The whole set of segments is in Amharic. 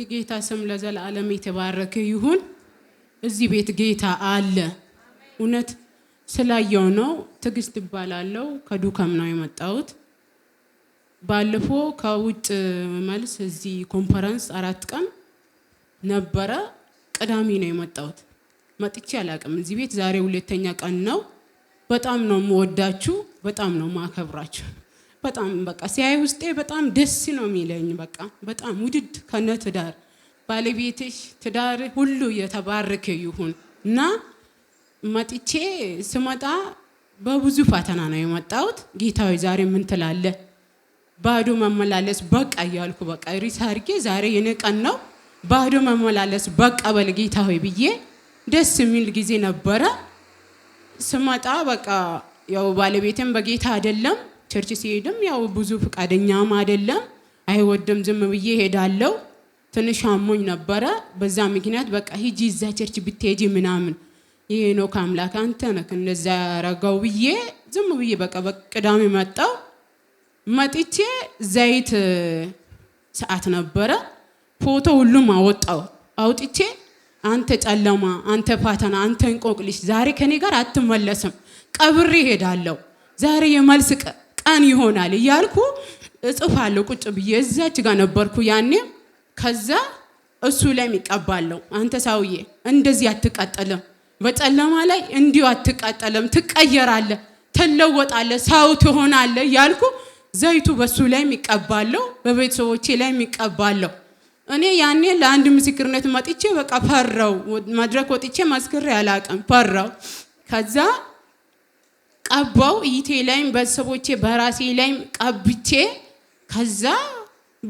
የጌታ ስም ለዘላለም የተባረከ ይሁን። እዚህ ቤት ጌታ አለ። እውነት ስላየው ነው። ትዕግስት እባላለሁ። ከዱከም ነው የመጣሁት። ባለፎ ከውጭ መልስ እዚህ ኮንፈረንስ አራት ቀን ነበረ። ቅዳሜ ነው የመጣሁት። መጥቼ አላቅም እዚህ ቤት ዛሬ ሁለተኛ ቀን ነው። በጣም ነው የምወዳችሁ፣ በጣም ነው ማከብራችሁ። በጣም በቃ ሲያይ ውስጤ በጣም ደስ ነው የሚለኝ። በቃ በጣም ውድድ ከነ ትዳር ባለቤትሽ ትዳር ሁሉ የተባረከ ይሁን እና መጥቼ ስመጣ በብዙ ፈተና ነው የመጣሁት። ጌታዊ ዛሬ ምን ትላለ? ባዶ መመላለስ በቃ እያልኩ በቃ ሪስ አድርጌ ዛሬ የኔ ቀን ነው ባዶ መመላለስ በቃ በል ጌታዊ ብዬ ደስ የሚል ጊዜ ነበረ። ስመጣ በቃ ያው ባለቤትም በጌታ አይደለም ቸርች ሲሄድም ያው ብዙ ፍቃደኛም አይደለም አይወድም። ዝም ብዬ ሄዳለው። ትንሽ አሞኝ ነበረ። በዛ ምክንያት በቃ ሂጂ እዛ ቸርች ብትሄጂ ምናምን ይሄ ነው ከአምላክ አንተ ነህ እንደዛ ያረገው ብዬ ዝም ብዬ በቃ በቅዳሜ መጣው። መጥቼ ዘይት ሰዓት ነበረ። ፎቶ ሁሉም አወጣው አውጥቼ አንተ ጨለማ፣ አንተ ፋተና፣ አንተ እንቆቅልሽ ዛሬ ከኔ ጋር አትመለስም፣ ቀብሬ ሄዳለሁ ዛሬ የመልስ ቀን ይሆናል እያልኩ እጽፋለሁ። ቁጭ ብዬ እዛች ጋር ነበርኩ ያኔ። ከዛ እሱ ላይም ይቀባለው፣ አንተ ሰውዬ እንደዚህ አትቃጠልም፣ በጨለማ ላይ እንዲሁ አትቃጠልም፣ ትቀየራለ ትለወጣለህ፣ ሰው ትሆናለ እያልኩ ዘይቱ በሱ ላይ ይቀባለው፣ በቤተሰቦቼ ላይ ይቀባለው። እኔ ያኔ ለአንድ ምስክርነት መጥቼ በቃ ፈራው። መድረክ ወጥቼ መስክሬ አላቅም፣ ፈራው ከዛ ቀባው ይቴ ላይም በሰቦቼ በራሴ ላይም ቀብቼ ከዛ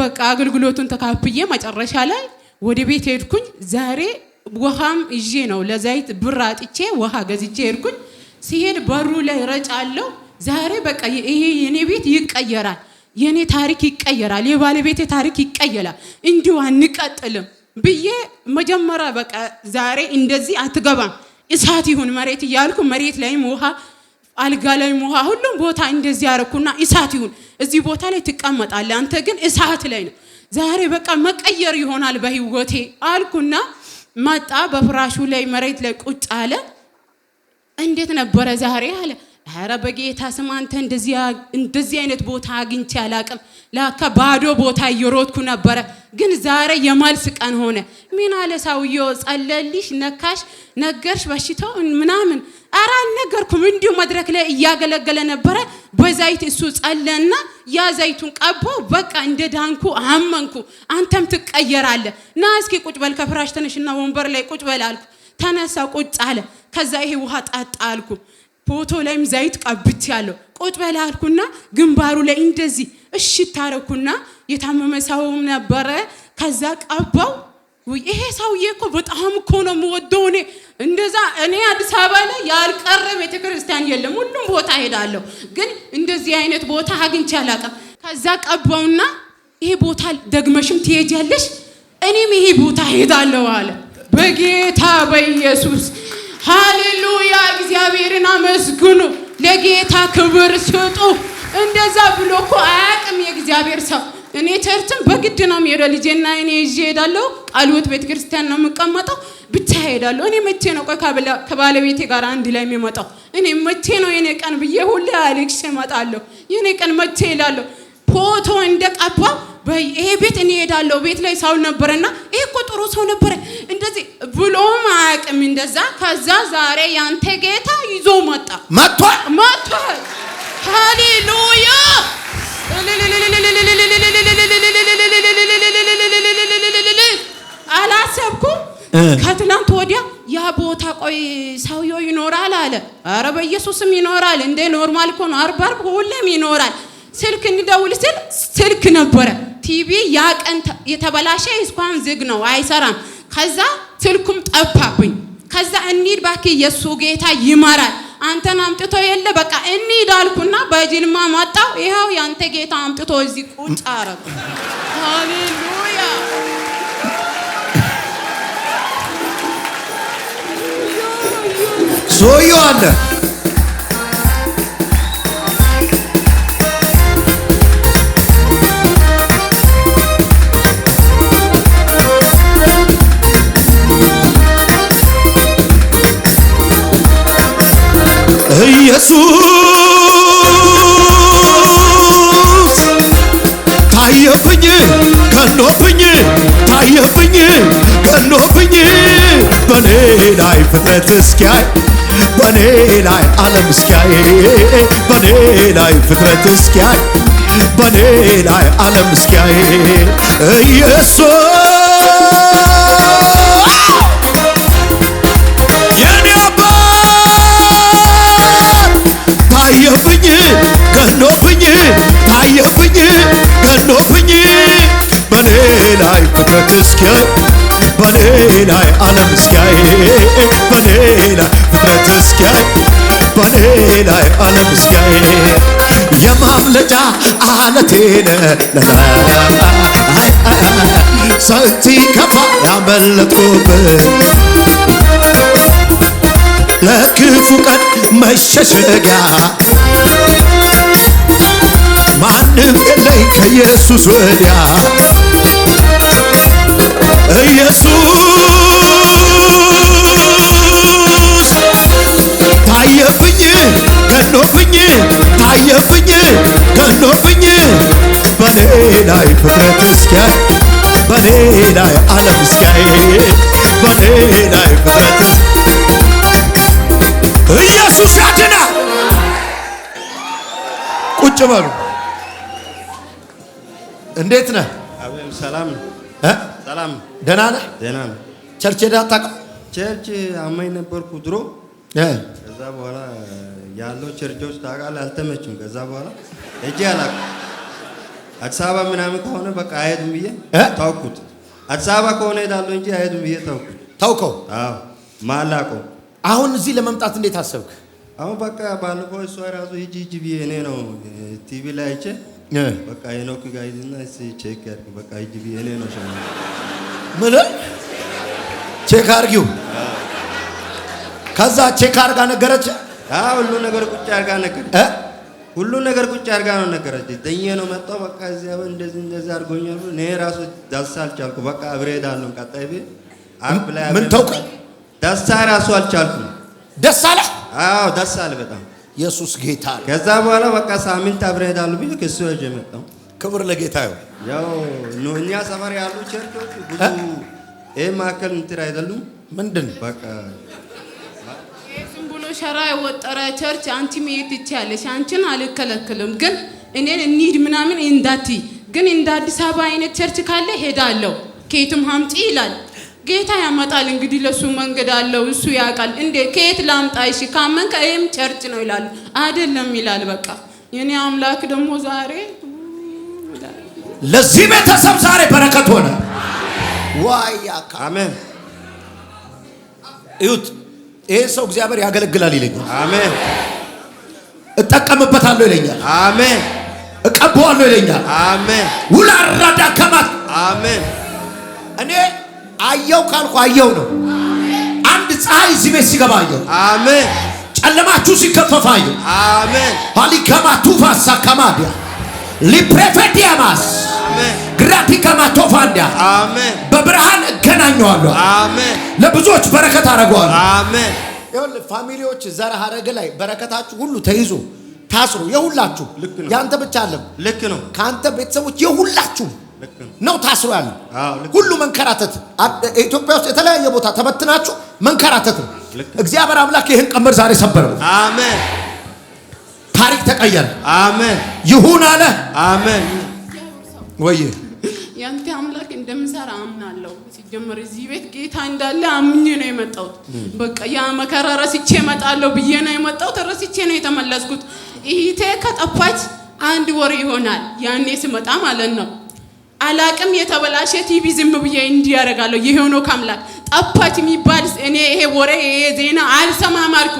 በቃ አገልግሎቱን ተካፍዬ መጨረሻ ላይ ወደ ቤት ሄድኩኝ። ዛሬ ውሃም ይዤ ነው ለዛይት ብር አጥቼ ውሃ ገዝቼ ሄድኩኝ። ሲሄድ በሩ ላይ ረጫለሁ። ዛሬ በቃ ይሄ የኔ ቤት ይቀየራል፣ የኔ ታሪክ ይቀየራል፣ የባለቤቴ ታሪክ ይቀየራል። እንዲሁ አንቀጥልም ብዬ መጀመሪያ በቃ ዛሬ እንደዚህ አትገባም እሳት ይሁን መሬት እያልኩ መሬት ላይም ውሃ አልጋ ላይ ውሃ፣ ሁሉም ቦታ እንደዚህ ያረኩና እሳት ይሁን እዚህ ቦታ ላይ ትቀመጣለህ፣ አንተ ግን እሳት ላይ ነው። ዛሬ በቃ መቀየር ይሆናል በህይወቴ አልኩና መጣ። በፍራሹ ላይ መሬት ላይ ቁጭ አለ። እንዴት ነበረ ዛሬ አለ። ኧረ በጌታ ስም አንተ እንደዚህ አይነት ቦታ አግኝቼ አላቅም። ላካ ባዶ ቦታ እየሮጥኩ ነበረ፣ ግን ዛሬ የመልስ ቀን ሆነ። ምን አለ ሰውዬው፣ ጸለልሽ፣ ነካሽ፣ ነገርሽ፣ በሽታው ምናምን ኧረ አልነገርኩም። እንዲሁ መድረክ ላይ እያገለገለ ነበረ። በዛይት እሱ ጸለና ያ ዘይቱን ቀባው። በቃ እንደ ዳንኩ አመንኩ። አንተም ትቀየራለ። ና እስኪ ቁጭ በል ከፍራሽ ተነሽና ወንበር ላይ ቁጭ በል አልኩ። ተነሳ ቁጭ አለ። ከዛ ይሄ ውሃ ጠጣ አልኩ። ፎቶ ላይም ዘይት ቀብት ያለው ቁጭ በል አልኩና ግንባሩ ላይ እንደዚህ እሽ ታረኩና የታመመ ሰውም ነበረ። ከዛ ቀባው ይሄ ሰውዬ እኮ በጣም እኮ ነው የምወደው። እኔ እንደዛ እኔ አዲስ አበባ ላይ ያልቀረ ቤተክርስቲያን የለም፣ ሁሉም ቦታ ሄዳለሁ፣ ግን እንደዚህ አይነት ቦታ አግኝቼ አላውቅም። ከዛ ቀባውና ይሄ ቦታ ደግመሽም ትሄጃለሽ፣ እኔም ይሄ ቦታ ሄዳለሁ አለ። በጌታ በኢየሱስ ሃሌሉያ! እግዚአብሔርን አመስግኑ፣ ለጌታ ክብር ስጡ። እንደዛ ብሎ እኮ አያውቅም የእግዚአብሔር ሰው እኔ ቸርችን በግድ ነው የምሄደው። ልጄና እኔ ይዤ እሄዳለሁ። ቃልዮት ቤተ ክርስቲያን ነው የምቀመጠው። ብቻ እሄዳለሁ። እኔ መቼ ነው ቆይ ከባለቤቴ ጋር አንድ ላይ የሚመጣው? እኔ መቼ ነው የኔ ቀን ብዬ ሁሌ አሌክሽ እመጣለሁ። የኔ ቀን መቼ እላለሁ። ፎቶ እንደ ቀባ ይሄ ቤት እኔ እሄዳለሁ። ቤት ላይ ሳውል ነበረና ይሄ እኮ ጥሩ ሰው ነበረ እንደዚህ ብሎም አያውቅም እንደዛ። ከዛ ዛሬ ያንተ ጌታ ይዞ መጣ። መጥቷል፣ መጥቷል። ሃሌሉያ ከትላንት ወዲያ ያ ቦታ ቆይ ሰውየው ይኖራል አለ። አረ በኢየሱስም ይኖራል እንደ ኖርማል እኮ ነው። አርብ አርብ ሁሌም ይኖራል። ስልክ እንደውል ስል ስልክ ነበረ። ቲቪ ያ ቀን የተበላሸ እስኳን ዝግ ነው አይሰራም። ከዛ ስልኩም ጠፋብኝ። ከዛ እንሂድ እባክህ የእሱ ጌታ ይመራል አንተን አምጥቶ የለ በቃ እንሂድ አልኩና በጅልማ መጣው። ይኸው ያንተ ጌታ አምጥቶ እዚህ ቁጭ አረጉ። ሰውየው አለ ኢየሱስ ታየብኝ ከኖብኝ ታየብኝ ከኖብኝ በኔ ላይ ፍጥረት እስኪያይ በኔ ላይ ዓለም እስኪያይ በኔ ላይ ፍጥረት እስኪያይ በኔ ላይ ዓለም እስኪያይ ኢየሱስ ታየብኝ ገኖብኝ ታየብኝ ገኖብኝ በኔ ላይ ፍጥረት እስኪያይ እስኪያይ ዓለም እስኪያይ በኔ ላይ ፍጥረት እስኪያይ በኔ ላይ ዓለም እስኪያይ የማምለጫ አለቴነ ሰንቲ ከፋ ያመለጥኩብን ለክፉ ቀን መሸሸጊያ ማንም የለኝ ከኢየሱስ ወዲያ ኢየሱስ ታየብኝ ቀኖብኝ ታየብኝ ቀኖብኝ በኔ ላይ ፍቅረት እስኪያይ በኔ ላይ ዓለም እስኪያይ በኔ ላይ ፍቅረት ኢየሱስ ያድናል። ቁጭ በሉ። እንዴት ነህ? ሰላም ሰላም። ደህና ነህ? ደህና ነህ? ቸርች ሄደህ አታውቅም? ቸርች አማኝ ነበርኩ ድሮ ከዛ በኋላ ያለው ቸርቾች ታውቃለህ፣ አልተመችም። ከዛ በኋላ እጄ አላውቅም። አዲስ አበባ ምናምን ከሆነ በቃ አይሄድም ብዬ ታውኩት። አዲስ አበባ ከሆነ ሄዳለሁ እንጂ አይሄድም ብዬ ታውኩት። ታውቀው? አዎ ማላውቀው። አሁን እዚህ ለመምጣት እንዴት አሰብክ? አሁን በቃ ባለፈው እሷ ራሱ ሂጂ ሂጂ ብዬ እኔ ነው ቲቪ ላይ አይቼ በቃ የኖክ ጋር ሂጂና እስኪ ቼክ ያድርግ በቃ ሂጂ ብዬ እኔ ነው ሸ ምን ቼክ አድርጊው ከዛ ቼክ አርጋ ነገረች። ሁሉ ነገር ቁጭ አርጋ ነገረች። ሁሉ ነገር ቁጭ አርጋ ነው ነገረች። ደኘ ነው መጣው በቃ እዚያ እንደዚህ እንደዚህ አርጎኛል። እኔ ራሱ ዳሳ አልቻልኩ። በቃ አብሬ ሄዳለሁ። ቀጣይ ቤት አርብ ላይ ምን ተውኩ። ዳሳ ራሱ አልቻልኩ። ደስ አለ። አዎ ደስ አለ በጣም ኢየሱስ ጌታ ነው። ከዛ በኋላ በቃ ሳምንት አብሬ ሄዳለሁ ብዬ ከሱ ወጀ መጣው። ክብር ለጌታ ይሁን። ያው ነው እኛ ሰፈር ያሉ ቸርቾች ብዙ ይሄ ማዕከል እንትን አይደሉም። ምንድን በቃ ሸራ የወጠረ ቸርች አንቺ መሄድ ትችያለሽ፣ አንቺን አልከለክልም። ግን እኔን እንሂድ ምናምን እንዳቲ ግን እንደ አዲስ አበባ አይነት ቸርች ካለ ሄዳለሁ፣ ከየትም ሀምጪ ይላል ጌታ ያመጣል። እንግዲህ ለሱ መንገድ አለው፣ እሱ ያውቃል። እንዴ ከየት ላምጣ? እሺ ካመንከ ይህም ቸርች ነው ይላሉ። አይደለም ይላል። በቃ የኔ አምላክ ደግሞ ዛሬ ለዚህ ቤተሰብ ዛሬ በረከት ሆነ። ዋያ አሜን። እዩት ይሄ ሰው እግዚአብሔር ያገለግላል ይለኛል። አሜን። እጠቀምበታለሁ ይለኛል። አሜን። እቀበዋለሁ ይለኛል። አሜን። ውላራዳ ከማት አሜን። እኔ አየው ካልኩ አየው ነው። አንድ ፀሐይ እዚህ ቤት ሲገባ አየው። አሜን። ጨለማችሁ ሲከፈፋ አየው። አሜን። ሀሊከማ ቱፋሳ ከማዲያ ሊፕሬፌዲያማስ ግራቲከማ ቶፋንዲያ አሜን። በብርሃን አገናኘዋለሁ። ለብዙዎች በረከት አደርገዋለሁ። አሜን። ፋሚሊዎች ዘር ሐረግ ላይ በረከታችሁ ሁሉ ተይዞ ታስሮ የሁላችሁ ያንተ ብቻ አለም ልክ ነው። ከአንተ ቤተሰቦች የሁላችሁ ነው ታስሮ ያለ ሁሉ መንከራተት ኢትዮጵያ ውስጥ የተለያየ ቦታ ተበትናችሁ መንከራተት ነው። እግዚአብሔር አምላክ ይህን ቀመር ዛሬ ሰበረው። አሜን። ታሪክ ተቀየረ። አሜን። ይሁን አለ። አሜን ወይ ያንተ አምላክ እንደምሰራ አምናለሁ። ሲጀመር እዚህ ቤት ጌታ እንዳለ አምኜ ነው የመጣሁት። በቃ ያ መከራ ረስቼ እመጣለሁ ብዬ ነው የመጣሁት። ረስቼ ነው የተመለስኩት። እህቴ ከጠፋች አንድ ወር ይሆናል። ያኔ ስመጣ ማለት ነው አላቅም የተበላሸ ቲቪ ዝም ብዬ እንዲህ ያደርጋለሁ። የሄኖክ ከአምላክ ጠፋች የሚባል እኔ ይሄ ወሬ ይሄ ዜና አልሰማም አልኩ።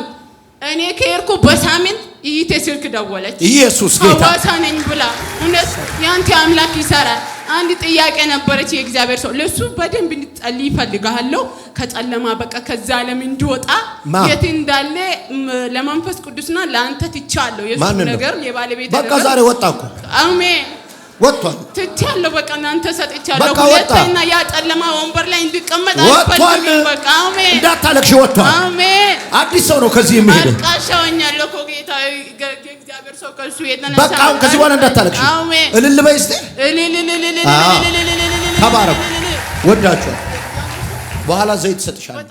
እኔ ከሄድኩ በሳምንት እህቴ ስልክ ደወለች። ኢየሱስ ጌታ ሐዋሳ ነኝ ብላ እውነት ያንተ አምላክ ይሰራል። አንድ ጥያቄ ነበረች። የእግዚአብሔር ሰው ለሱ በደንብ እንድጸልይ ይፈልጋለሁ። ከጨለማ በቃ ከዛ ዓለም እንድወጣ የት እንዳለ ለመንፈስ ቅዱስና ለአንተ ትቻለሁ። የሱ ነገር የባለቤት በቃ ዛሬ ወጣ እኮ አሜን። ወጥቷል። ትቻለሁ። በቃ እናንተ ሰጥቻለሁ። ሁለተኛ ያ ጨለማ ወንበር ላይ እንድቀመጥ አልፈልግም። በቃ አሜን። እንዳታለቅሽ ወጥቷል። አሜን። አዲስ ሰው ነው ከዚህ የሚሄደው። በቃ ሻውኛለሁ እኮ ጌታ በቃ አሁን ከዚህ በኋላ እንዳታለቅሽ። እልል በይ እስቲ። ተባረኩ። ወዳችኋል። በኋላ ዘይት እሰጥሻለሁ።